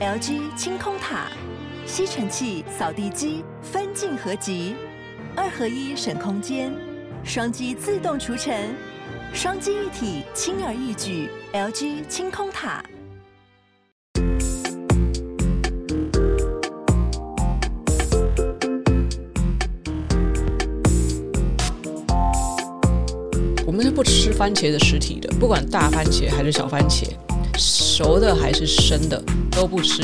LG 清空塔，吸塵器、掃地機分進合擊，二合一省空間，雙擊自動除塵，雙機一體輕而易舉。LG 清空塔。我們是不吃番茄的屍體的，不管大番茄還是小番茄。熟的還是生的都不吃，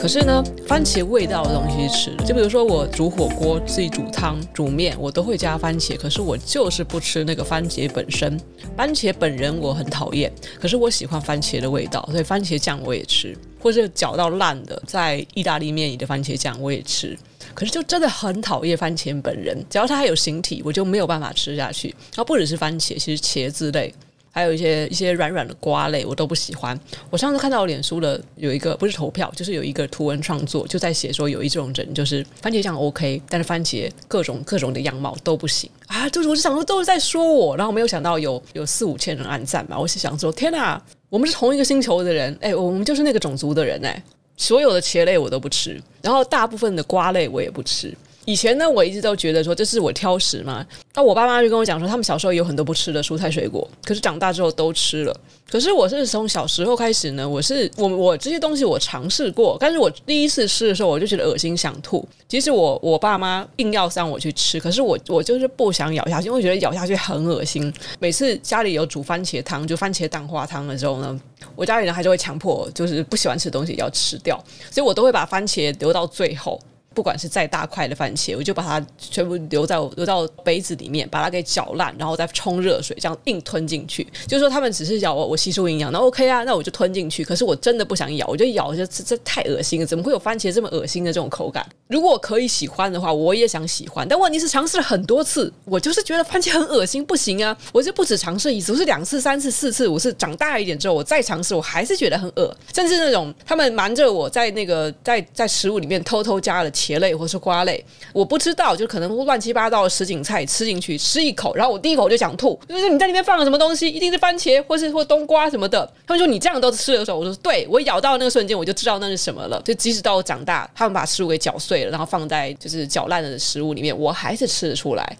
可是呢，番茄味道的東西吃，就比如說我煮火鍋、自己煮湯、煮麵，我都會加番茄。可是我就是不吃那個番茄本身，番茄本人我很討厭。可是我喜歡番茄的味道，所以番茄醬我也吃，或者攪到爛的在意大利麵裡的番茄醬我也吃。可是就真的很討厭番茄本人，只要它還有形體，我就沒有辦法吃下去。它不只是番茄，其實茄子類。還有一些一些軟軟的瓜類，我都不喜歡。我上次看到臉書的有一個不是投票，就是有一個圖文創作，就在寫說有一種人，就是番茄醬 OK，但是番茄各種各種的樣貌都不行啊！就是我就想說都是在說我，然後沒有想到有有四五千人按贊嘛。我是想說天哪，我們是同一個星球的人，哎，我們就是那個種族的人哎。所有的茄類我都不吃，然後大部分的瓜類我也不吃。以前呢，我一直都覺得說，這是我挑食嘛。那我爸媽就跟我講說，他們小時候有很多不吃的蔬菜水果，可是長大之後都吃了。可是我是從小時候開始呢，我是我我這些東西我嘗試過，但是我第一次吃的時候我就覺得噁心想吐。其實我我爸媽硬要讓我去吃，可是我我就是不想咬下去，因為我覺得咬下去很噁心。每次家裡有煮番茄湯，就番茄蛋花湯的時候呢，我家裡人還是會強迫我，就是不喜歡吃的東西要吃掉，所以我都會把番茄留到最後。不管是再大塊的番茄，我就把它全部留在我，留到杯子裡面，把它給攪爛，然後再沖熱水，這樣硬吞進去。就是說，他們只是咬我，我吸收營養，那 OK 啊？那我就吞進去。可是我真的不想咬，我就咬，就這這太噁心了。怎麼會有番茄這麼噁心的這種口感？如果可以喜歡的話，我也想喜歡。但問題是，嘗試了很多次，我就是覺得番茄很噁心，不行啊！我就不止嘗試一次，是兩次、三次、四次。我是長大一點之後，我再嘗試，我還是覺得很噁。甚至那種他們瞞着我在那個在在食物裡面偷偷加了茄類或是瓜類，我不知道，就可能亂七八糟的什錦菜吃進去，吃一口，然後我第一口就想吐。就是你在裡面放了什麼東西，一定是番茄或是或冬瓜什麼的。他們說你這樣都吃的時候，我說對，我咬到那個瞬間我就知道那是什麼了。就即使到我長大，他們把食物給攪碎了。然後放在就是攪爛的食物裡面，我還是吃得出來。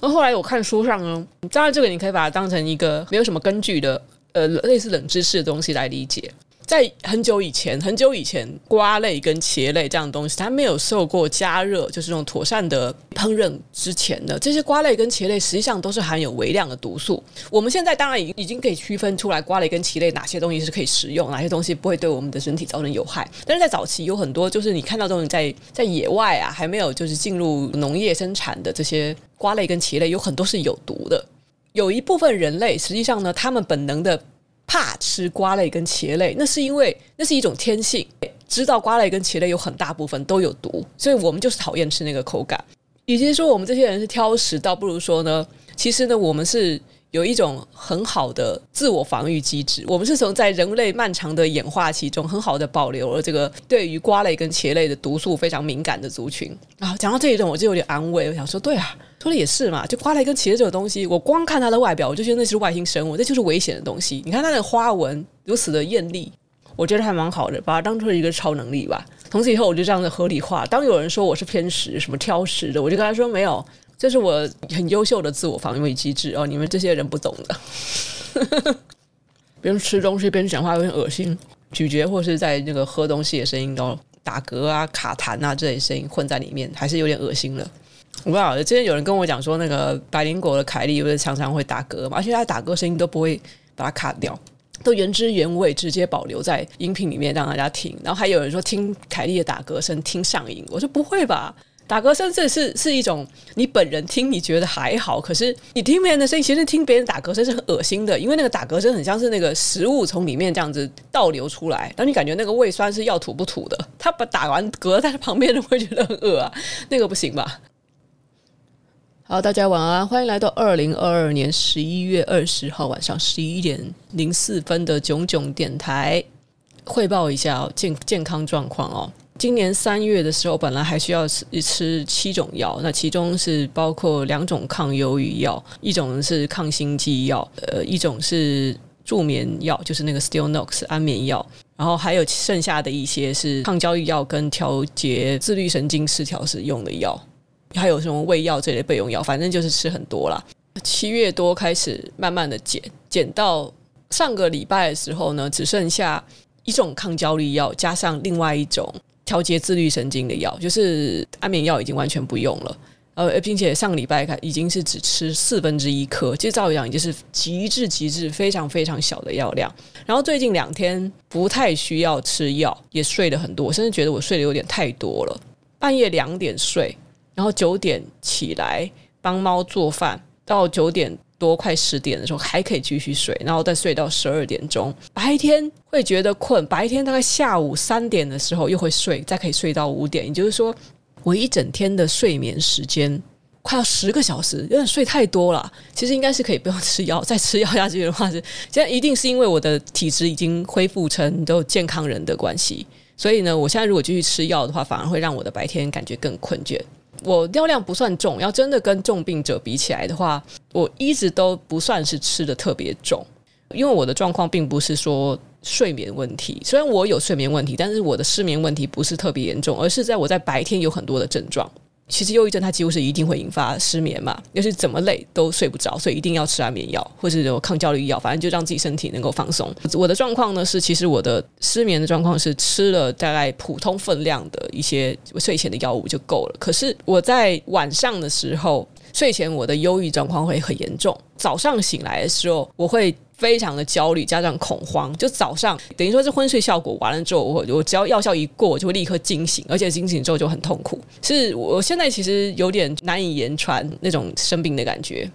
那後來我看書上呢，當然這個你可以把它當成一個沒有什麼根據的，呃，類似冷知識的東西來理解。在很久以前，很久以前，瓜類跟茄類這樣的東西，它沒有受過加熱，就是這種妥善的烹飪之前的這些瓜類跟茄類，實際上都是含有微量的毒素。我們現在當然已已經可以區分出來瓜類跟茄類哪些東西是可以食用，哪些東西不會對我們的身體造成有害。但是在早期，有很多就是你看到這種在在野外啊，還沒有就是進入農業生產的這些瓜類跟茄類，有很多是有毒的。有一部分人類實際上呢，他們本能的。怕吃瓜類跟茄類，那是因為那是一種天性，知道瓜類跟茄類有很大部分都有毒，所以我們就是討厭吃那個口感。與其說我們這些人是挑食，倒不如說呢，其實呢，我們是。有一種很好的自我防禦機制，我們是從在人類漫長的演化期中很好的保留了這個對於瓜類跟茄類的毒素非常敏感的族群。然後講到這一段，我就有點安慰，我想說，對啊，說的也是嘛，就瓜類跟茄子這種東西，我光看它的外表，我就覺得那是外星生物，這就是危險的東西。你看它的花紋如此的豔麗。我覺得還蠻好的，把它當做一個超能力吧。從此以後，我就這樣的合理化。當有人說我是偏食、什麼挑食的，我就跟他說沒有。這是我很優秀的自我防衛機制哦，你們這些人不懂的。 邊吃東西邊講話有點噁心，咀嚼或是在那個喝東西的聲音都打嗝啊、卡痰啊這類聲音混在裡面，還是有點噁心了。我不知道，今天有人跟我講說，那個百靈果的凱莉不是常常會打嗝嘛，而且他的打嗝聲音都不會把它卡掉，都原汁原味直接保留在音頻裡面讓大家聽。然後還有人說聽凱莉的打嗝聲聽上癮，我說不會吧。打嗝聲，這是是一種你本人聽你覺得還好，可是你聽別人的聲音，其實聽別人打嗝聲是很噁心的，因為那個打嗝聲很像是那個食物從裡面這樣子倒流出來，然後你感覺那個胃酸是要吐不吐的。他把打完嗝在他旁邊都會覺得很噁啊，那個不行吧？好，大家晚安，歡迎來到二零二二年十一月二十號晚上十一點零四分的冏冏電台，匯報一下、哦、健健康狀況哦。今年三月的時候，本來還需要吃吃七種藥，那其中是包括兩種抗憂鬱藥，一種是抗心悸藥，呃，一種是助眠藥，就是那個 Stillnox 安眠藥，然後還有剩下的一些是抗焦慮藥跟調節自律神經失調時用的藥，還有什麼胃藥這類備用藥，反正就是吃很多啦。七月多開始慢慢的減，減到上個禮拜的時候呢，只剩下一種抗焦慮藥加上另外一種調節自律神經的藥，就是安眠藥，已經完全不用了。呃，並且上禮拜開已經是只吃四分之一顆，其實照理講已經是極致極致非常非常小的藥量。然後最近兩天不太需要吃藥，也睡得很多，甚至覺得我睡的有點太多了。半夜兩點睡，然後九點起來幫貓做飯，到九點多快十點的時候還可以繼續睡，然後再睡到十二點鐘。白天會覺得睏，白天大概下午三點的時候又會睡，再可以睡到五點。也就是說，我一整天的睡眠時間快要十個小時，有點睡太多了。其實應該是可以不用吃藥，再吃藥下去的話是現在一定是因為我的體質已經恢復成都健康人的關係。所以呢，我現在如果繼續吃藥的話，反而會讓我的白天感覺更困倦。我藥量不算重，要真的跟重病者比起來的話，我一直都不算是吃得特別重，因為我的狀況並不是說睡眠問題，雖然我有睡眠問題，但是我的失眠問題不是特別嚴重，而是在我在白天有很多的症狀。其實憂鬱症它幾乎是一定會引發失眠嘛，就是怎麼累都睡不着，所以一定要吃安眠藥或是有抗焦慮藥，反正就讓自己身體能夠放鬆。我的狀況呢是，其實我的失眠的狀況是吃了大概普通分量的一些睡前的藥物就夠了。可是我在晚上的時候，睡前我的憂鬱狀況會很嚴重，早上醒來的時候我會非常的焦慮，加上恐慌，就早上等於說是昏睡效果完了之後，我我只要藥效一過，就會立刻驚醒，而且驚醒之後就很痛苦。是，我現在其實有點難以言傳那種生病的感覺，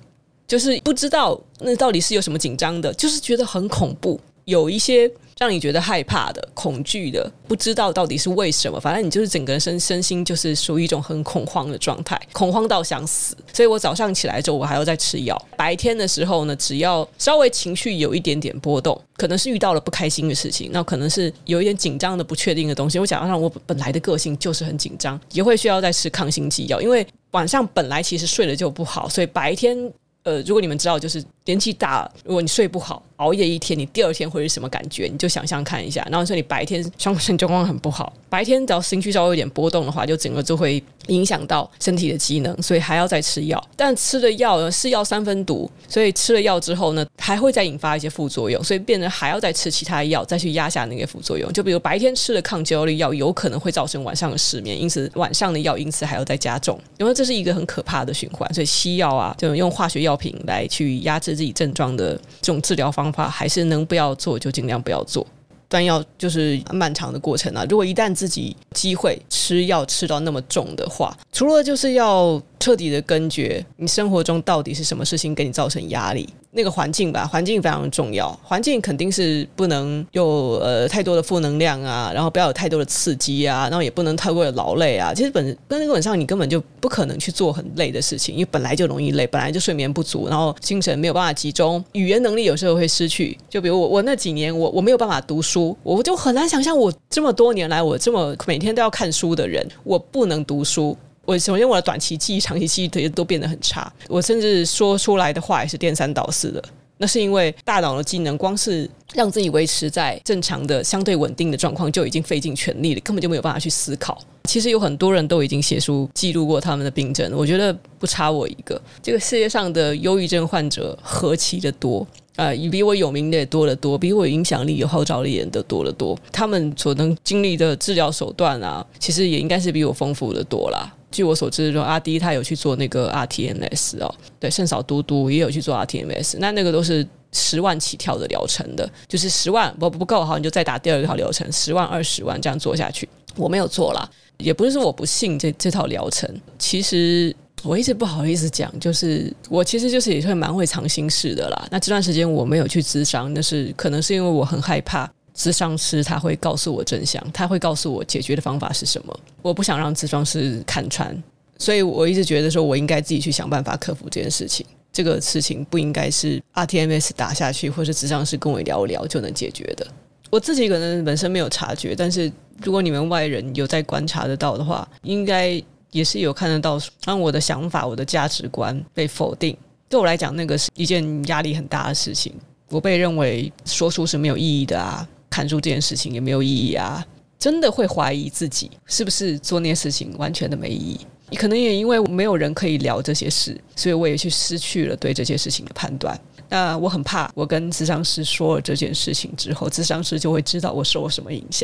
就是不知道那到底是有什麼緊張的，就是覺得很恐怖，有一些。讓你覺得害怕的、恐懼的，不知道到底是為什麼。反正你就是整個人身身心就是屬於一種很恐慌的狀態，恐慌到想死。所以我早上起來之後，我還要再吃藥。白天的時候呢，只要稍微情緒有一點點波動，可能是遇到了不開心的事情，那可能是有一點緊張的、不確定的東西。我想要讓我本來的個性就是很緊張，也會需要再吃抗心劑藥。因為晚上本來其實睡得就不好，所以白天呃，如果你們知道，就是。年紀大，如果你睡不好、熬夜一天，你第二天會是什麼感覺？你就想象看一下。然後說你白天精神狀況很不好，白天只要情緒稍微有點波動的話，就整個就會影響到身體的機能，所以還要再吃藥。但吃的藥是藥三分毒，所以吃了藥之後呢，還會再引發一些副作用，所以變成還要再吃其他的藥再去壓下那個副作用。就比如白天吃了抗焦慮藥，有可能會造成晚上的失眠，因此晚上的藥因此還要再加重，因為這是一個很可怕的循環。所以西藥啊，就用化學藥品來去壓制。自己症狀的這種治療方法，還是能不要做就盡量不要做。斷藥就是漫長的過程啊！如果一旦自己機會吃藥吃到那麼重的話，除了就是要。徹底的根絕，你生活中到底是什麼事情給你造成壓力？那個環境吧，環境非常重要。環境肯定是不能有呃太多的負能量啊，然後不要有太多的刺激啊，然後也不能太過的勞累啊。其實本根本上你根本就不可能去做很累的事情，因為本來就容易累，本來就睡眠不足，然後精神沒有辦法集中，語言能力有時候會失去。就比如我，我那幾年我我沒有辦法讀書，我我就很難想象我這麼多年來我這麼每天都要看書的人，我不能讀書。我首先，我的短期記憶、長期記憶都都變得很差。我甚至說出來的話也是顛三倒四的。那是因為大腦的機能，光是讓自己維持在正常的、相對穩定的狀況，就已經費盡全力了，根本就沒有辦法去思考。其實有很多人都已經寫書、記錄過他們的病症。我覺得不差我一個。這個世界上的憂鬱症患者何其的多啊、呃！比我有名的也多得多，比我影響力有號召力的也得多得多。他們所能經歷的治療手段啊，其實也應該是比我豐富得多啦。據我所知，說阿滴他有去做那個 RTMS 哦，對，聖嫂嘟嘟也有去做 RTMS，那那個都是十萬起跳的療程的，就是十萬不不夠好，你就再打第二套療程，十萬二十萬這樣做下去，我沒有做啦，也不是說我不信這這套療程，其實我一直不好意思講，就是我其實就是也是蠻會藏心事的啦，那這段時間我沒有去諮商，那是可能是因為我很害怕。諮商師他會告訴我真相，他會告訴我解決的方法是什麼。我不想讓諮商師看穿，所以我一直覺得說，我應該自己去想辦法克服這件事情。這個事情不應該是 RTMS 打下去，或是諮商師跟我聊聊就能解決的。我自己可能本身沒有察覺，但是如果你們外人有在觀察得到的話，應該也是有看得到。讓我的想法、我的價值觀被否定，對我來講，那個是一件壓力很大的事情。我被認為說出是沒有意義的啊。談出這件事情也沒有意義啊！真的會懷疑自己是不是做那些事情完全的沒意義。你可能也因為沒有人可以聊這些事，所以我也去失去了對這些事情的判斷。那我很怕，我跟諮商師說了這件事情之後，諮商師就會知道我受了什麼影響。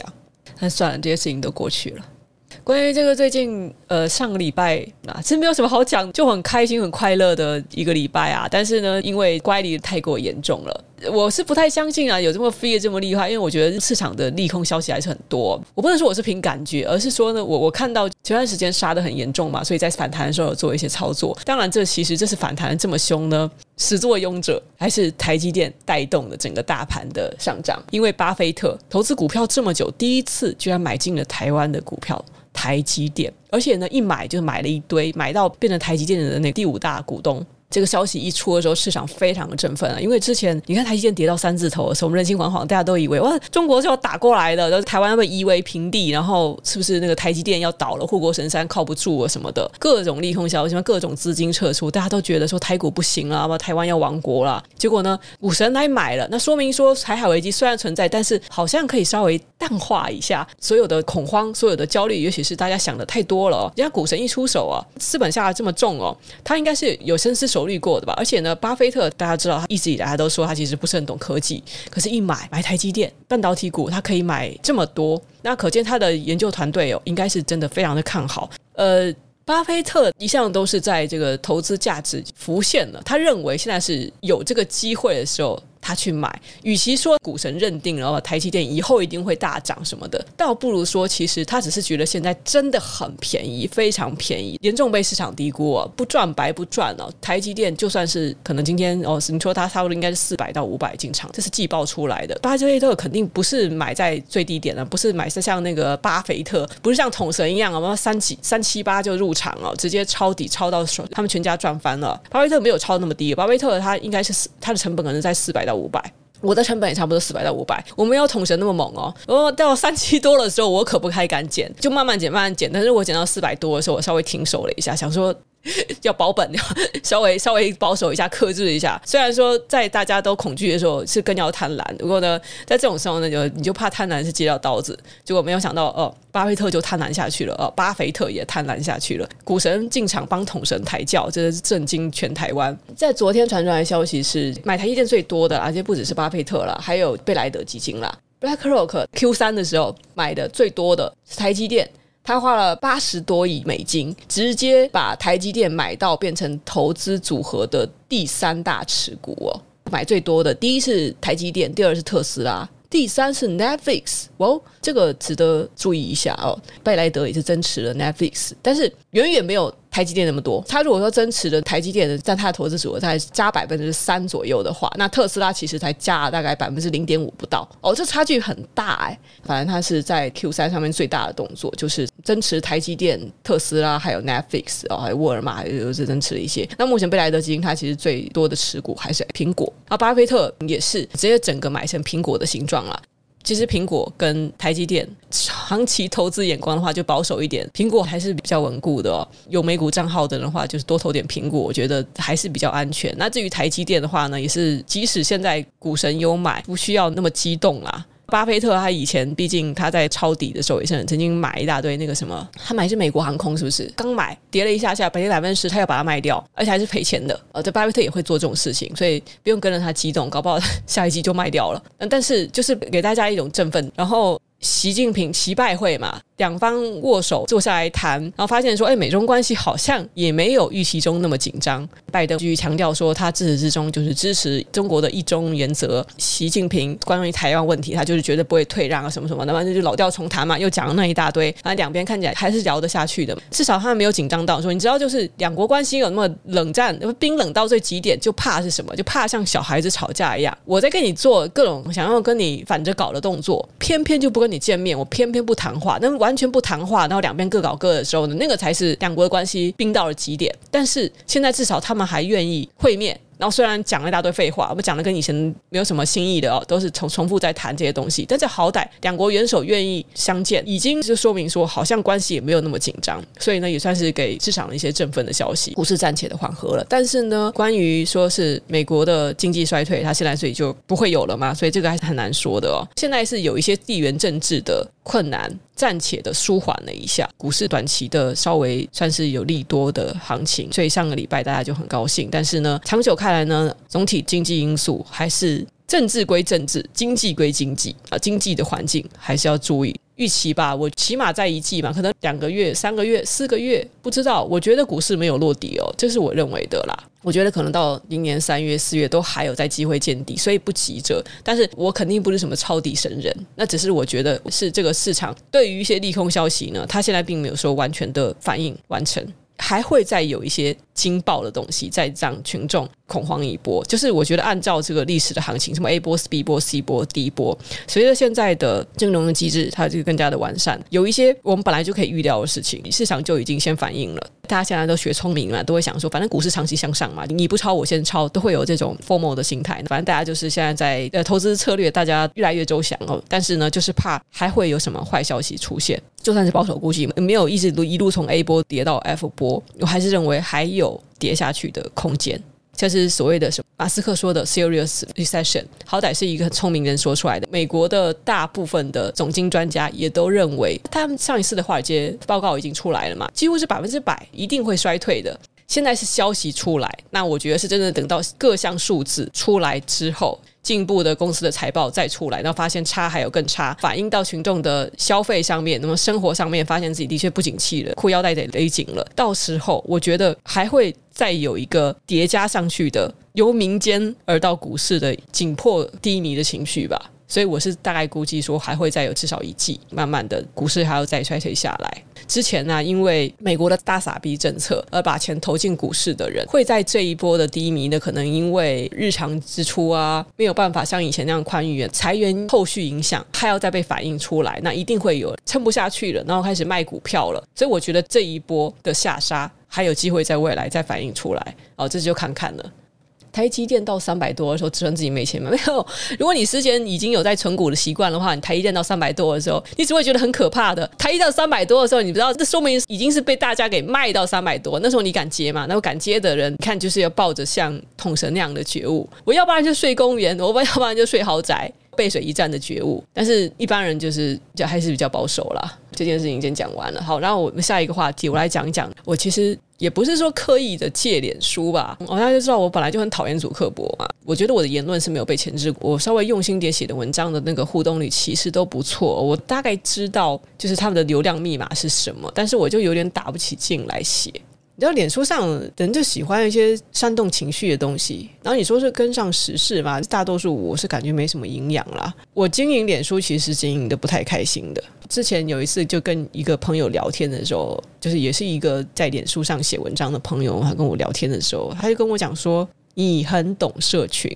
那算了，這些事情都過去了。關於這個最近，呃，上個禮拜啊，其實沒有什麼好講，就很開心、很快樂的一個禮拜啊。但是呢，因為乖離太過嚴重了。我是不太相信啊，有這麼飛得這麼厲害，因為我覺得市場的利空消息還是很多。我不能說我是憑感覺，而是說呢，我我看到前段時間殺得很嚴重嘛，所以在反彈的時候有做一些操作。當然，這其實這次反彈的這麼凶呢，始作俑者還是台積電帶動的整個大盤的上漲。因為巴菲特投資股票這麼久，第一次居然買進了台灣的股票台積電，而且呢，一買就買了一堆，買到變成台積電的那第五大股東。這個消息一出的時候，市場非常的振奮了、啊，因為之前你看台積電跌到三字頭的時候，我們人心惶惶，大家都以為哇，中國就要打過來的，然後就是，台灣要被夷為平地，然後是不是那個台積電要倒了，護國神山靠不住啊什麼的，各種利空消息，各種資金撤出，大家都覺得說台股不行了，台灣要亡國了。結果呢，股神來買了，那說明說台海危機雖然存在，但是好像可以稍微淡化一下所有的恐慌，所有的焦慮，尤其是大家想的太多了、哦。人家股神一出手啊，資本下來這麼重哦，他應該是有深思熟。考慮過的吧，而且呢，巴菲特大家知道，他一直以來都說他其實不是很懂科技，可是一買買台積電半導體股，他可以買這麼多，那可見他的研究團隊哦，應該是真的非常的看好。呃，巴菲特一向都是在這個投資價值浮現了，他認為現在是有這個機會的時候。他去買，與其說股神認定了台積電以後一定會大漲什麼的，倒不如說其實他只是覺得現在真的很便宜，非常便宜，嚴重被市場低估，哦、不賺白不賺哦。台積電就算是可能今天哦，你說他差不多應該是四百到五百進場，這是季報出來的。巴菲特肯定不是買在最低點的，不是買是像那個巴菲特，不是像統神一樣啊，三七三七八就入場了，哦，直接抄底抄到手，他們全家賺翻了。巴菲特沒有抄那麼低，巴菲特他應該是他的成本可能在四百。到五百，我的成本也差不多四百到五百。我沒有同行那麼猛哦，我到三七多了之後，我可不太敢減，就慢慢減，慢慢減。但是我減到四百多的時候，我稍微停手了一下，想說。 要保本，要稍微稍微保守一下，克制一下。雖然說在大家都恐懼的時候是更要貪婪，不過呢，在這種時候呢，就你就怕貪婪是接到刀子。結果沒有想到，哦，巴菲特就貪婪下去了，哦，巴菲特也貪婪下去了。股神進場幫統神抬轎，真的是震驚全台灣。在昨天傳出來的消息是，買台積電最多的，而且不只是巴菲特了，還有貝萊德基金啦，BlackRock Q 三的時候買的最多的是台積電。他花了八十多億美金，直接把台積電買到變成投資組合的第三大持股哦，買最多的，第一是台積電，第二是特斯拉，第三是 Netflix。哦、well，這個值得注意一下哦。貝萊德也是增持了 Netflix，但是遠遠沒有。台積電那麼多，他如果說增持的台積電的占他的投資組合在加百分之三左右的話，那特斯拉其實才加了大概百分之零點五不到哦，這差距很大哎、欸。反正他是在 Q 三上面最大的動作就是增持台積電、特斯拉還有 Netflix 哦，還有沃爾瑪有有增持了一些。那目前貝萊德基金它其實最多的持股還是蘋果，那巴菲特也是直接整個買成蘋果的形狀了。其實蘋果跟台積電長期投資眼光的話，就保守一點。蘋果還是比較穩固的哦。有美股賬號的人的話，就是多投點蘋果，我覺得還是比較安全。那至於台積電的話呢，也是即使現在股神有買，不需要那麼激動啦。巴菲特他以前，畢竟他在抄底的時候，也是人曾經買一大堆那個什麼，他買是美國航空，是不是？剛買跌了一下下，跌百,百分之十，他要把它賣掉，而且還是賠錢的。呃，這巴菲特也會做這種事情，所以不用跟着他激動，搞不好他下一季就賣掉了。嗯，但是就是給大家一種振奮，然後。習近平、習拜會嘛，兩方握手坐下來談，然後發現說，哎，美中關係好像也沒有預期中那麼緊張。拜登繼續強調說，他自始至終就是支持中國的一中原則。習近平關於台灣問題，他就是絕對不會退讓啊，什麼什麼的，反正就老調重彈嘛，又講了那一大堆。然後兩邊看起來還是聊得下去的嘛，至少他沒有緊張到說，你知道，就是兩國關係有那麼冷戰、冰冷到最極點，就怕是什麼？就怕像小孩子吵架一樣，我在跟你做各種想要跟你反着搞的動作，偏偏就不跟。你見面，我偏偏不談話，那完全不談話，然後兩邊各搞各的時候呢，那個才是兩國的關係冰到了極點。但是現在至少他們還願意會面。然後雖然講了一大堆廢話，我們講的跟以前沒有什麼新意的哦，都是重重複在談這些東西。但這好歹兩國元首願意相見，已經就說明說好像關係也沒有那麼緊張，所以呢也算是給市場的一些振奮的消息，股市暫且的緩和了。但是呢，關於說是美國的經濟衰退，它現在所以就不會有了嘛，所以這個還是很難說的哦。現在是有一些地緣政治的困難，暫且的舒緩了一下，股市短期的稍微算是有利多的行情，所以上個禮拜大家就很高興。但是呢，長久看。看來呢，總體經濟因素還是政治歸政治，經濟歸經濟啊。經濟的環境還是要注意預期吧。我起碼在一季嘛，可能兩個月、三個月、四個月不知道。我覺得股市沒有落底哦，這是我認為的啦。我覺得可能到明年三月、四月都還有在機會見底，所以不急着。但是我肯定不是什麼抄底神人，那只是我覺得是這個市場對於一些利空消息呢，它現在並沒有說完全的反應完成，還會再有一些。驚爆的東西，再讓群眾恐慌一波。就是我覺得，按照這個歷史的行情，什麼 A 波、B 波、C 波、D 波，隨着現在的金融的機制，它就更加的完善。有一些我們本來就可以預料的事情，市場就已經先反映了。大家現在都學聰明了，都會想說，反正股市長期向上嘛，你不抄我先抄，都會有這種 FOMO 的心態。反正大家就是現在在呃投資策略，大家越來越周詳哦，但是呢，就是怕還會有什麼壞消息出現。就算是保守估計，沒有一直都一路從 A 波跌到 F 波，我還是認為還有。跌下去的空間，這是所謂的什麼？馬斯克說的 “serious recession”，好歹是一個很聰明人說出來的。美國的大部分的總經專家也都認為，他們上一次的華爾街報告已經出來了嘛，幾乎是百分之百一定會衰退的。現在是消息出來，那我覺得是真的等到各項數字出來之後，進步的公司的財報再出來，然後發現差還有更差，反映到群眾的消費上面，那麼生活上面發現自己的確不景氣了，褲腰帶得勒緊了。到時候，我覺得還會再有一個疊加上去的，由民間而到股市的緊迫低迷的情緒吧。所以我是大概估計說，還會再有至少一季，慢慢的股市還要再衰退下來。之前呢、啊，因為美國的大撒幣政策而把錢投進股市的人，會在這一波的低迷呢，可能因為日常支出啊沒有辦法像以前那樣寬裕，裁員後續影響還要再被反映出來，那一定會有人撐不下去了，然後開始賣股票了。所以我覺得這一波的下殺還有機會在未來再反映出來，哦，這就看看了。台積電到三百多的時候，只恨自己沒錢嗎？沒有？如果你事先已經有在存股的習慣的話，你台積電到三百多的時候，你只會覺得很可怕的。台積到三百多的時候，你不知道，這說明已經是被大家給賣到三百多。那時候你敢接嗎？那敢接的人，你看就是要抱着像統神那樣的覺悟。我要不然就睡公園，我不要不然就睡豪宅。背水一戰的覺悟，但是一般人就是就還是比較保守啦。這件事情已經講完了，好，然後我們下一個話題，我來講一講。我其實也不是說刻意的借臉書吧，哦，大家就知道我本來就很討厭祖克柏嘛。我覺得我的言論是沒有被箝制過，我稍微用心點寫的文章的那個互動率其實都不錯。我大概知道就是他們的流量密碼是什麼，但是我就有點打不起勁來寫。你知道臉書上人就喜歡一些煽動情緒的東西，然後你說是跟上時事嘛，大多數我是感覺沒什麼營養啦。我經營臉書其實經營得不太開心的。之前有一次就跟一個朋友聊天的時候，就是也是一個在臉書上寫文章的朋友，他跟我聊天的時候，他就跟我講說：“你很懂社群。”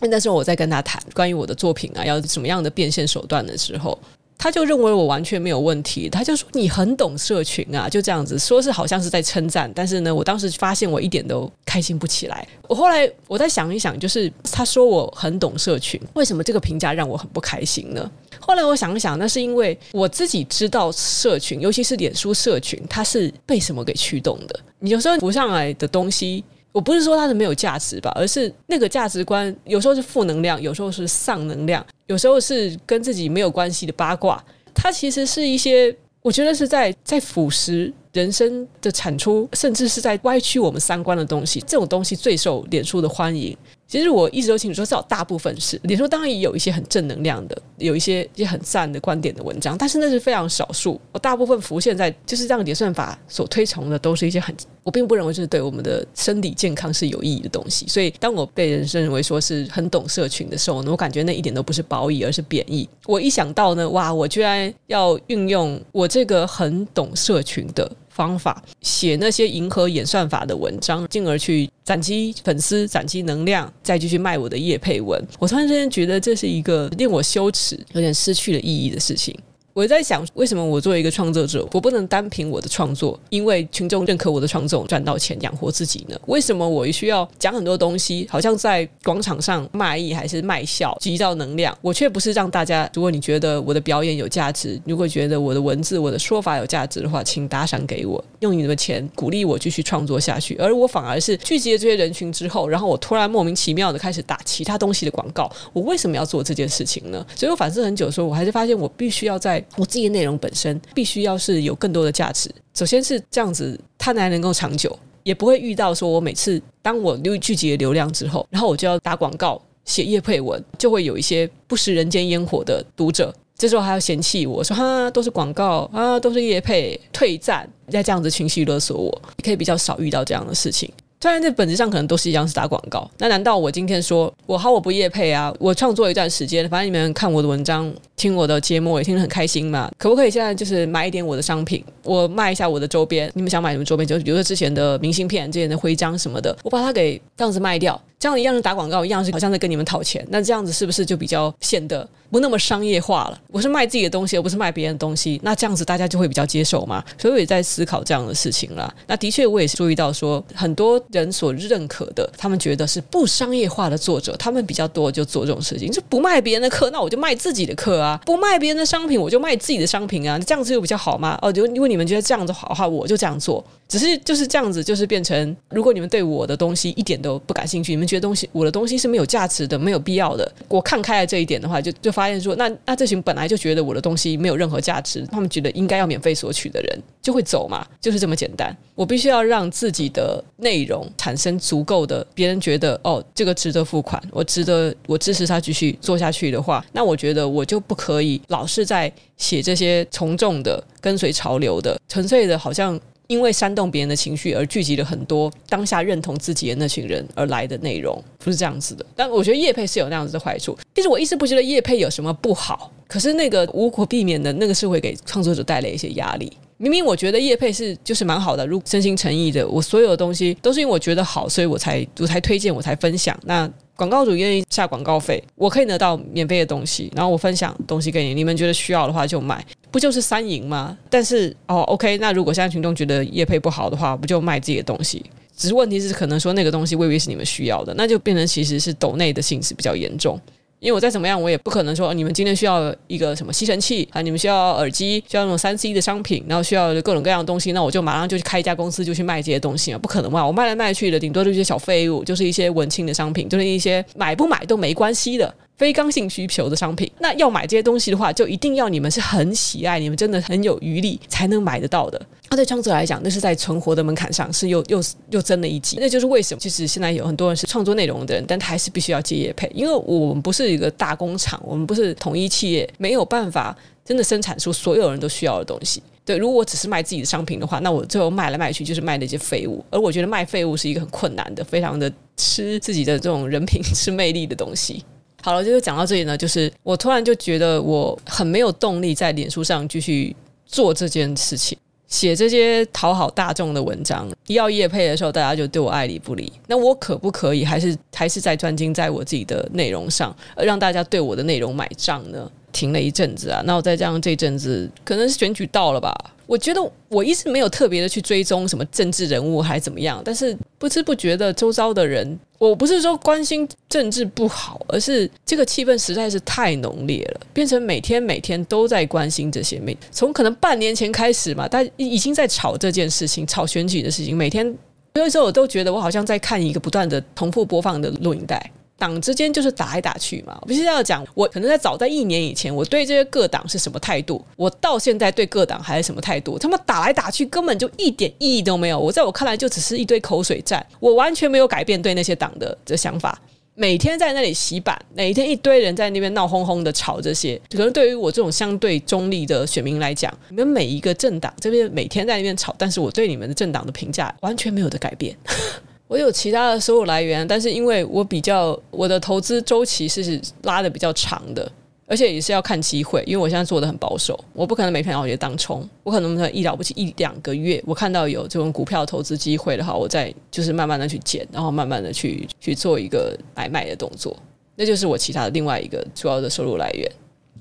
那時候我在跟他談關於我的作品啊，要什麼樣的變現手段的時候。他就認為我完全沒有問題，他就說你很懂社群啊，就這樣子說是好像是在稱讚，但是呢，我當時發現我一點都開心不起來。我後來我再想一想，就是他說我很懂社群，為什麼這個評價讓我很不開心呢？後來我想一想，那是因為我自己知道社群，尤其是臉書社群，它是被什麼給驅動的？你有時候浮上來的東西。我不是說它是沒有價值吧，而是那個價值觀有時候是負能量，有時候是喪能量，有時候是跟自己沒有關係的八卦。它其實是一些我覺得是在在腐蝕人生的產出，甚至是在歪曲我們三觀的東西。這種東西最受臉書的歡迎。其實我一直都清楚說，至少大部分是你說，當然也有一些很正能量的，有一些一些很讚的觀點的文章，但是那是非常少數。我大部分浮現在就是這樣，演算法所推崇的都是一些很，我並不認為就是對我們的身體健康是有意義的東西。所以，當我被人認為說是很懂社群的時候呢，我感覺那一點都不是褒義，而是貶義。我一想到呢，哇，我居然要運用我這個很懂社群的方法寫那些迎合演算法的文章，進而去攢積粉絲、攢積能量，再繼續賣我的業配文。我突然之間覺得這是一個令我羞恥、有點失去了意義的事情。我在想，為什麼我作為一個創作者，我不能單憑我的創作，因為群眾認可我的創作賺到錢養活自己呢？為什麼我需要講很多東西，好像在廣場上賣藝還是賣笑，集到能量？我卻不是讓大家，如果你覺得我的表演有價值，如果覺得我的文字、我的說法有價值的話，請打賞給我，用你的錢鼓勵我繼續創作下去。而我反而是聚集了這些人群之後，然後我突然莫名其妙的開始打其他東西的廣告，我為什麼要做這件事情呢？所以我反思很久的時候，我還是發現我必須要在。我自己的內容本身必須要是有更多的價值，首先是這樣子，它才能夠長久，也不會遇到說我每次當我流聚集了流量之後，然後我就要打廣告、寫業配文，就會有一些不食人間煙火的讀者，這時候還要嫌棄我說，哈、啊，都是廣告啊，都是業配，退讚，再這樣子情緒勒索我，可以比較少遇到這樣的事情。雖然在本質上可能都是一樣是打廣告，那難道我今天說我好我不業配啊？我創作一段時間，反正你們看我的文章、聽我的節目也聽得很開心嘛，可不可以現在就是買一點我的商品？我賣一下我的周邊，你們想買什麼周邊？就比如說之前的明信片、之前的徽章什麼的，我把它給這樣子賣掉。這樣一樣是打廣告，一樣是好像在跟你們討錢。那這樣子是不是就比較顯得不那麼商業化了？我是賣自己的東西，而不是賣別人的東西。那這樣子大家就會比較接受嘛。所以我也在思考這樣的事情啦。那的確，我也是注意到說，很多人所認可的，他們覺得是不商業化的作者，他們比較多就做這種事情。就不賣別人的課，那我就賣自己的課啊；不賣別人的商品，我就賣自己的商品啊。這樣子又比較好嘛？哦，就因為你。你們覺得這樣子好的話，我就這樣做。只是就是這樣子，就是變成，如果你們對我的東西一點都不感興趣，你們覺得東西我的東西是沒有價值的、沒有必要的，我看開了這一點的話，就就發現說，那那這群本來就覺得我的東西沒有任何價值，他們覺得應該要免費索取的人就會走嘛，就是這麼簡單。我必須要讓自己的內容產生足夠的別人覺得哦，這個值得付款，我值得我支持他繼續做下去的話，那我覺得我就不可以老是在寫這些從眾的、跟隨潮流的、純粹的好像。因為煽動別人的情緒而聚集了很多當下認同自己的那群人而來的內容，不是這樣子的。但我覺得業配是有那樣子的壞處。其實我一直不覺得業配有什麼不好，可是那個無可避免的，那個是會給創作者帶來一些壓力。明明我覺得業配是就是蠻好的，如果真心誠意的，我所有的東西都是因為我覺得好，所以我才我才推薦，我才分享。那。廣告主願意下廣告費，我可以得到免費的東西，然後我分享東西給你。你們覺得需要的話就買，不就是三贏嗎？但是哦，OK，那如果現在群眾覺得業配不好的話，不就賣自己的東西？只是問題是，可能說那個東西未必是你們需要的，那就變成其實是抖內的性質比較嚴重。因為我再怎麼樣，我也不可能說你們今天需要一個什麼吸塵器啊，你們需要耳機，需要那種三 C 的商品，然後需要各種各樣的東西，那我就馬上就去開一家公司，就去賣這些東西嘛？不可能嘛，我賣來賣去的，頂多就是一些小廢物，就是一些文青的商品，就是一些買不買都沒關係的。非剛性需求的商品，那要買這些東西的話，就一定要你們是很喜愛，你們真的很有餘力才能買得到的。那對創作者來講，那是在存活的門檻上，是又又又增了一級。那就是為什麼，其、就、實、是、現在有很多人是創作內容的人，但他還是必須要接業配，因為我們不是一個大工廠，我們不是統一企業，沒有辦法真的生產出所有人都需要的東西。對，如果我只是賣自己的商品的話，那我最後賣來賣去就是賣那些廢物。而我覺得賣廢物是一個很困難的，非常的吃自己的這種人品、吃魅力的東西。好了，就是講到這裡呢，就是我突然就覺得我很沒有動力在臉書上繼續做這件事情，寫這些討好大眾的文章，要業配的時候，大家就對我愛理不理。那我可不可以還是還是在專精在我自己的內容上，讓大家對我的內容買賬呢？停了一陣子啊，那我再加上這陣子，可能是選舉到了吧。我覺得我一直沒有特別的去追蹤什麼政治人物還怎麼樣，但是不知不覺的，周遭的人，我不是說關心政治不好，而是這個氣氛實在是太濃烈了，變成每天每天都在關心這些。每從可能半年前開始嘛，大家已經在吵這件事情，吵選舉的事情，每天所以說我都覺得我好像在看一個不斷的重複播放的錄影帶。黨之間就是打來打去嘛，不是要講我可能在早在一年以前我對這些各黨是什麼態度，我到現在對各黨還是什麼態度？他們打來打去根本就一點意義都沒有，我在我看來就只是一堆口水戰，我完全沒有改變對那些黨的這想法。每天在那裡洗版，每天一堆人在那邊鬧哄哄的吵這些，可能對於我這種相對中立的選民來講，你們每一個政黨這邊每天在那邊吵，但是我對你們的政黨的評價完全沒有的改變。 我有其他的收入來源，但是因為我比較我的投資周期是拉的比較長的，而且也是要看機會，因為我現在做的很保守，我不可能每天好我就當沖，我可能,不可能一了不起一兩個月，我看到有這種股票投資機會的話，我再就是慢慢的去減，然後慢慢的去去做一個買賣的動作，那就是我其他的另外一個主要的收入來源。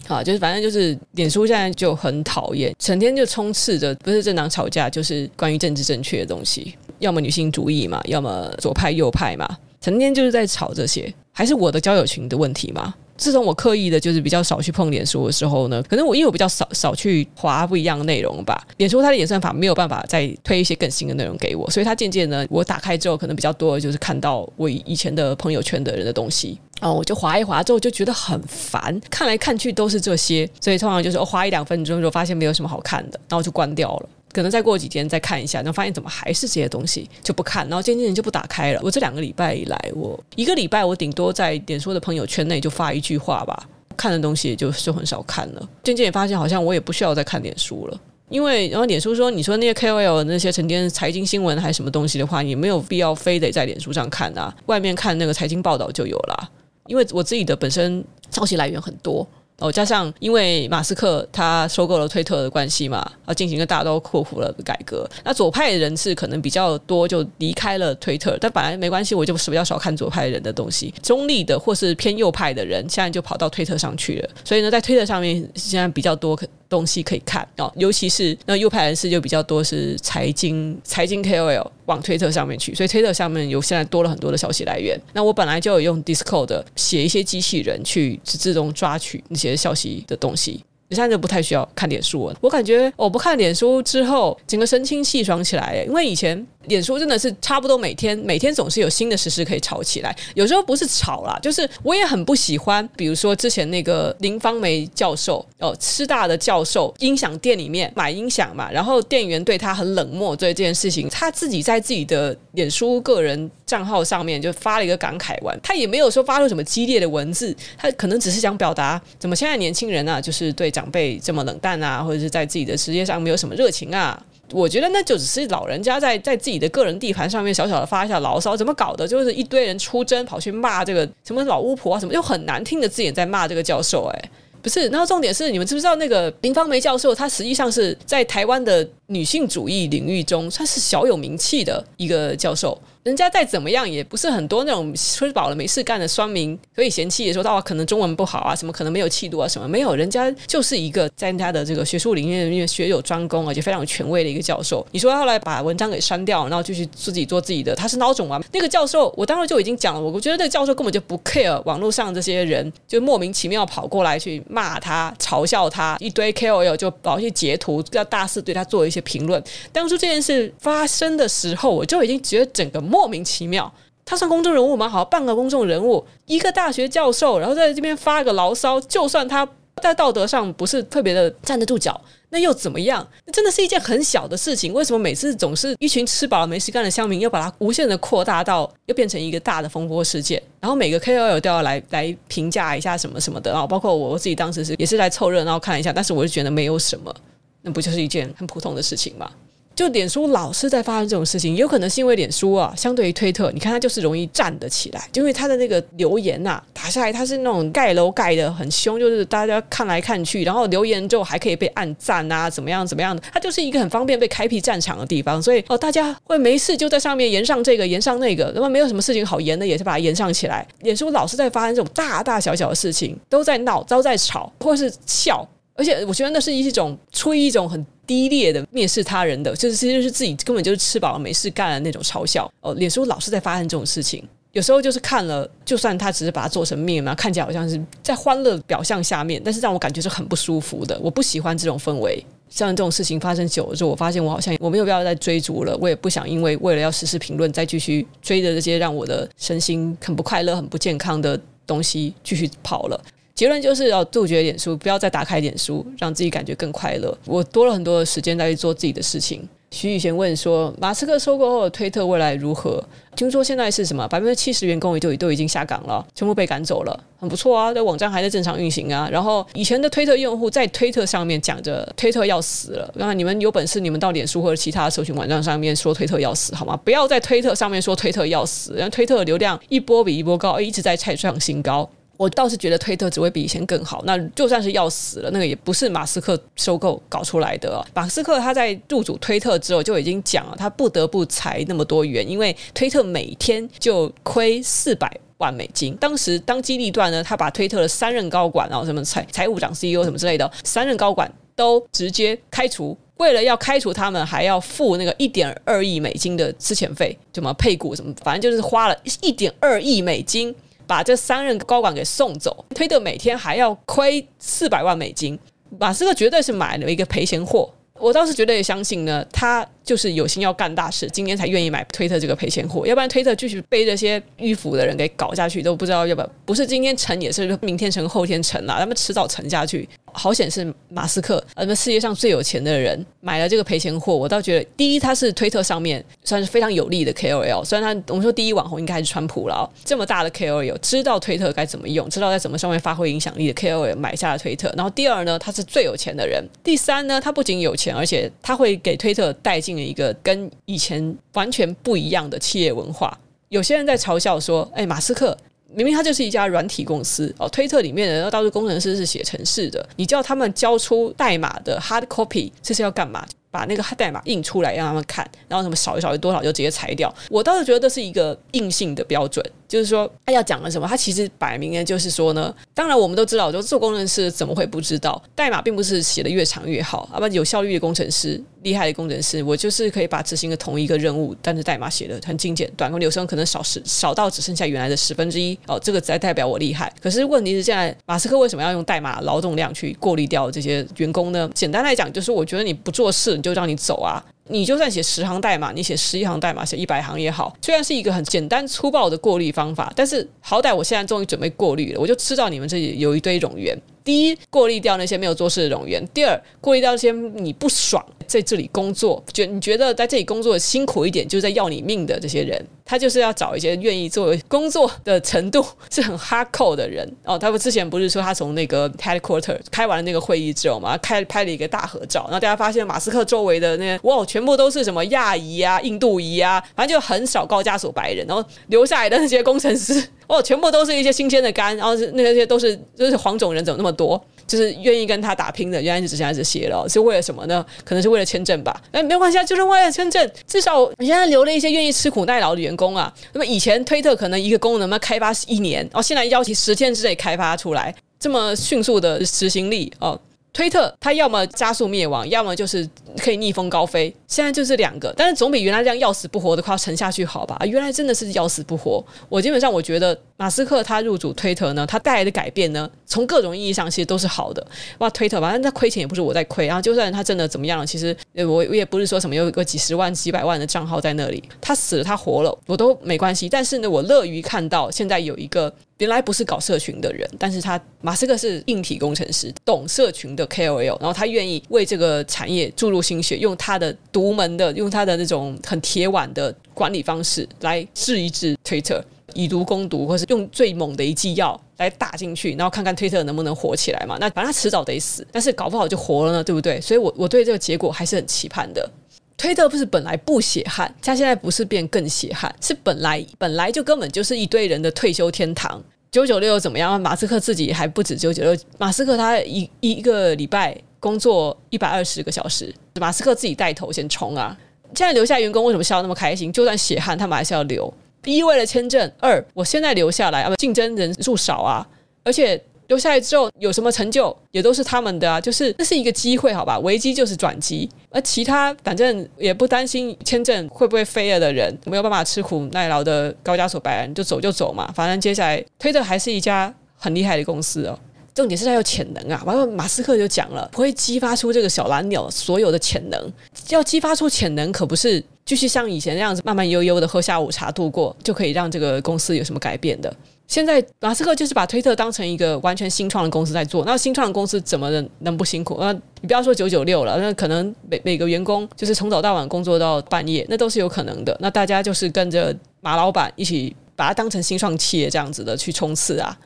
好，就是反正就是臉書現在就很討厭，成天就充斥着不是政黨吵架，就是關於政治正確的東西。要麼女性主義嘛，要麼左派右派嘛，成天就是在吵這些，還是我的交友群的問題嘛？自從我刻意的就是比較少去碰臉書的時候呢，可能我因為我比較少少去滑不一樣的內容吧，臉書它的演算法沒有辦法再推一些更新的內容給我，所以它漸漸呢，我打開之後可能比較多的就是看到我以前的朋友圈的人的東西，哦，我就滑一滑之後就覺得很煩，看來看去都是這些，所以通常就是我、哦、滑一兩分鐘就發現沒有什麼好看的，然後我就關掉了。可能再過幾天再看一下，然後發現怎麼還是這些東西就不看，然後漸漸就不打開了。我這兩個禮拜以來，我一個禮拜我頂多在臉書的朋友圈內就發一句話吧，看的東西就就很少看了。漸漸也發現好像我也不需要再看臉書了，因為，然後臉書說，你說那些 KOL 那些成天財經新聞還是什麼東西的話，你也沒有必要非得在臉書上看啊，外面看那個財經報道就有了啊。因為我自己的本身消息來源很多。哦，加上因為馬斯克他收購了推特的關係嘛，啊，進行一個大刀闊斧的改革。那左派人士可能比較多就離開了推特，但本來沒關係，我就比較少看左派人的東西。中立的或是偏右派的人，現在就跑到推特上去了。所以呢，在推特上面現在比較多可。東西可以看哦，尤其是那右派人士就比較多是財經，是財經財經 KOL 往推特上面去，所以推特上面有現在多了很多的消息來源。那我本來就有用 Discord 寫一些機器人去自動抓取那些消息的東西。你現在就不太需要看臉書了，我感覺我、哦、不看臉書之後，整個神清氣爽起來。因為以前臉書真的是差不多每天，每天總是有新的時事，可以炒起來。有時候不是炒啦，就是我也很不喜歡，比如說之前那個林芳梅教授哦，師大的教授，音響店裡面買音響嘛，然後店員對他很冷漠，對這件事情他自己在自己的臉書個人。賬號上面就發了一個感慨文，他也沒有說發出什麼激烈的文字，他可能只是想表達怎麼現在年輕人啊，就是對長輩這麼冷淡啊，或者是在自己的職業上沒有什麼熱情啊。我覺得那就只是老人家在在自己的個人地盤上面小小的發一下牢騷，怎麼搞的？就是一堆人出征跑去罵這個什麼老巫婆啊，什麼又很難聽的字眼在罵這個教授、欸。哎，不是，然後重點是你們知不知道那個林芳梅教授，他實際上是在台灣的女性主義領域中，算是小有名氣的一個教授。人家再怎麼樣，也不是很多那種吃飽了沒事幹的酸民，可以嫌棄也說：“哦，可能中文不好啊，什麼可能沒有氣度啊，什麼沒有。”人家就是一個在他的這個學術領域裡面學有專攻，而且非常有權威的一個教授。你說後來把文章給刪掉，然後繼續自己做自己的，他是孬種啊！那個教授，我當時就已經講了，我覺得那個教授根本就不 care 網絡上這些人，就莫名其妙跑過來去罵他、嘲笑他，一堆 KOL 就跑去截圖，要大肆對他做一些評論。當初這件事發生的時候，我就已經覺得整個。莫名其妙，他算公眾人物嗎？好像半個公眾人物，一個大學教授，然後在這邊發一個牢騷，就算他在道德上不是特別的站得住腳，那又怎麼樣？那真的是一件很小的事情，為什麼每次總是一群吃飽了沒事幹的鄉民，又把它無限的擴大到，又變成一個大的風波事件？然後每個 KOL 都要來來評價一下什麼什麼的啊！包括我自己當時是也是來湊熱鬧看一下，但是我就覺得沒有什麼，那不就是一件很普通的事情嗎？就臉書老是在發生這種事情，有可能是因為臉書啊，相對於推特，你看它就是容易站得起來，就因為它的那個留言吶、啊，打下來它是那種蓋樓蓋得很兇，就是大家看來看去，然後留言就還可以被按讚啊，怎麼樣怎麼樣的，它就是一個很方便被開闢戰場的地方，所以哦、呃，大家會沒事就在上面延上這個延上那個，那麼沒有什麼事情好延的，也是把它延上起來。臉書老是在發生這種大大小小的事情，都在鬧，都在吵，或是笑。而且我覺得那是一種出於一種很低劣的蔑視他人的，就是其實是自己根本就是吃飽了沒事幹的那種嘲笑。哦，臉書老是在發生這種事情，有時候就是看了，就算他只是把它做成面嘛，看起來好像是在歡樂表象下面，但是讓我感覺是很不舒服的。我不喜歡這種氛圍，像這種事情發生久了之後，我發現我好像我沒有必要再追逐了，我也不想因為為了要實時評論再繼續追着這些讓我的身心很不快樂、很不健康的東西繼續跑了。結論就是要杜絕臉書，不要再打開臉書，讓自己感覺更快樂。我多了很多的時間在去做自己的事情。徐宇賢問說：“馬斯克收購後的推特未來如何？”聽說現在是什麼百分之七十員工也就都已經下崗了，全部被趕走了，很不錯啊！這網站還在正常運行啊。然後以前的推特用戶在推特上面講着推特要死了，那你們有本事你們到臉書或者其他搜尋網站上面說推特要死好嗎？不要在推特上面說推特要死，因為推特的流量一波比一波高，一直在創上新高。我倒是覺得推特只會比以前更好。那就算是要死了，那個也不是馬斯克收購搞出來的。馬斯克他在入主推特之後就已經講了，他不得不裁那麼多員，因為推特每天就虧四百萬美金。當時當機立斷呢，他把推特的三任高管啊，什麼財財務長、CEO 什麼之類的三任高管都直接開除。為了要開除他們，還要付那個一點二億美金的資遣費，什麼配股什麼，反正就是花了一點二億美金。把這三任高管給送走，推特每天還要虧四百萬美金，馬斯克絕對是買了一個賠錢貨。我倒是絕對也相信呢。他。就是有心要幹大事，今天才願意買推特這個賠錢貨，要不然推特繼續被這些迂腐的人給搞下去，都不知道要不要。不是今天沉也是明天沉後天沉啦，啊，他們遲早沉下去。好險是馬斯克，呃，那世界上最有錢的人買了這個賠錢貨。我倒覺得，第一，他是推特上面算是非常有利的 KOL，雖然他我們說第一網紅應該還是川普了，這麼大的 KOL 知道推特該怎麼用，知道在什麼上面發揮影響力的 KOL 買下了推特。然後第二呢，他是最有錢的人；第三呢，他不僅有錢，而且他會給推特帶進。一個跟以前完全不一樣的企業文化，有些人在嘲笑說：“哎、欸，馬斯克明明他就是一家軟體公司哦，推特裡面的到處工程師是寫程式的，你叫他們交出代碼的 hard copy，這是要幹嘛？”把那個代碼印出來讓他們看，然後他們少一少於多少就直接裁掉。我倒是覺得這是一個硬性的標準，就是說，他、哎、要講了什麼？他其實擺明了就是說呢。當然，我們都知道，就做工程師怎麼會不知道？代碼並不是寫的越長越好，啊，不，有效率的工程師，厲害的工程師，我就是可以把執行的同一個任務，但是代碼寫的很精簡，短工流程可能少十少到只剩下原來的十分之一。哦，這個才代表我厲害。可是問題是現在，馬斯克為什麼要用代碼勞動量去過濾掉這些員工呢？簡單來講，就是我覺得你不做事。就讓你走啊！你就算寫十行代碼，你寫十一行代碼，寫一百行也好。雖然是一個很簡單粗暴的過濾方法，但是好歹我現在終於準備過濾了。我就知道你們這裡有一堆冗員。第一，過濾掉那些沒有做事的冗員；第二，過濾掉那些你不爽在這裡工作，覺你覺得在這裡工作辛苦一點，就在要你命的這些人。他就是要找一些願意做工作的程度是很 hardcore 的人哦。他們之前不是說他從那個 headquarters 開完了那個會議之後嘛，開拍了一個大合照，然後大家發現馬斯克周圍的那些哇，全部都是什麼亞裔啊、印度裔啊，反正就很少高加索白人。然後留下來的那些工程師哦，全部都是一些新鮮的肝，然後那那些都是就是黃種人怎麼那麼多？就是願意跟他打拼的，原來就只剩下這些了。是為了什麼呢？可能是為了簽證吧。哎，沒關係啊，就是為了簽證。至少現在留了一些願意吃苦耐勞的員工啊。那麼以前推特可能一個功能嘛，開發一年，哦，現在要求十天之內開發出來，這麼迅速的執行力哦。推特它要麼加速滅亡，要麼就是可以逆風高飛。現在就是兩個，但是總比原來這樣要死不活的快要沉下去好吧，啊？原來真的是要死不活。我基本上我覺得馬斯克他入主推特呢，他帶來的改變呢。從各種意義上，其實都是好的。哇，Twitter，反正他虧錢也不是我在虧，然後就算他真的怎麼樣了，其實我我也不是說什麼有個幾十萬、幾百萬的賬號在那裡，他死了，他活了，我都沒關係。但是呢，我樂於看到現在有一個原來不是搞社群的人，但是他馬斯克是硬體工程師，懂社群的 KOL，然後他願意為這個產業注入心血，用他的獨門的，用他的那種很鐵腕的管理方式來試一試 Twitter。以毒攻毒，或是用最猛的一劑藥來打進去，然後看看推特能不能活起來嘛？那反正他遲早得死，但是搞不好就活了呢，對不對？所以我，我我對這個結果還是很期盼的。推特不是本來不血汗，他現在不是變更血汗，是本來本來就根本就是一堆人的退休天堂。九九六又怎麼樣？馬斯克自己還不止九九六，馬斯克他一一個禮拜工作一百二十個小時，馬斯克自己帶頭先衝啊！現在留下員工為什麼笑得那麼開心？就算血汗，他們還是要留。第一為了簽證，二我現在留下來啊，競爭人數少啊，而且留下來之後有什麼成就也都是他們的啊，就是這是一個機會，好吧？危機就是轉機，而其他反正也不擔心簽證會不會飛了的人，沒有辦法吃苦耐勞的高加索白人就走就走嘛，反正接下來推特還是一家很厲害的公司哦。重點是他有潛能啊，完了馬斯克就講了，不會激發出這個小藍鳥所有的潛能，要激發出潛能可不是。繼續像以前那樣子慢慢悠悠的喝下午茶度過，就可以讓這個公司有什麼改變的？現在馬斯克就是把推特當成一個完全新創的公司在做，那新創的公司怎麼能不辛苦？啊，你不要說九九六了，那可能每每個員工就是從早到晚工作到半夜，那都是有可能的。那大家就是跟着馬老闆一起把它當成新創企業這樣子的去衝刺啊。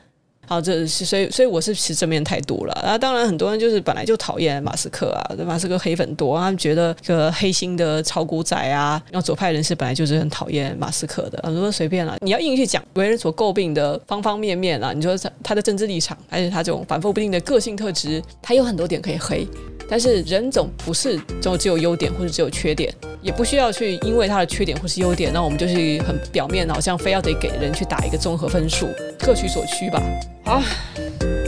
好，這是所以，所以我是持正面態度了。那、啊、當然很多人就是本來就討厭馬斯克啊，馬斯克黑粉多，他們覺得這個黑心的炒股仔啊，然後左派人士本來就是很討厭馬斯克的。很多隨便了、啊，你要硬去講為人所詬病的方方面面啊，你說他他的政治立場，還是他這種反覆不定的個性特質，他有很多點可以黑。但是人總不是就只有優點或者只有缺點，也不需要去因為他的缺點或是優點，那我們就是很表面，好像非要得給人去打一個綜合分數，各取所需吧。啊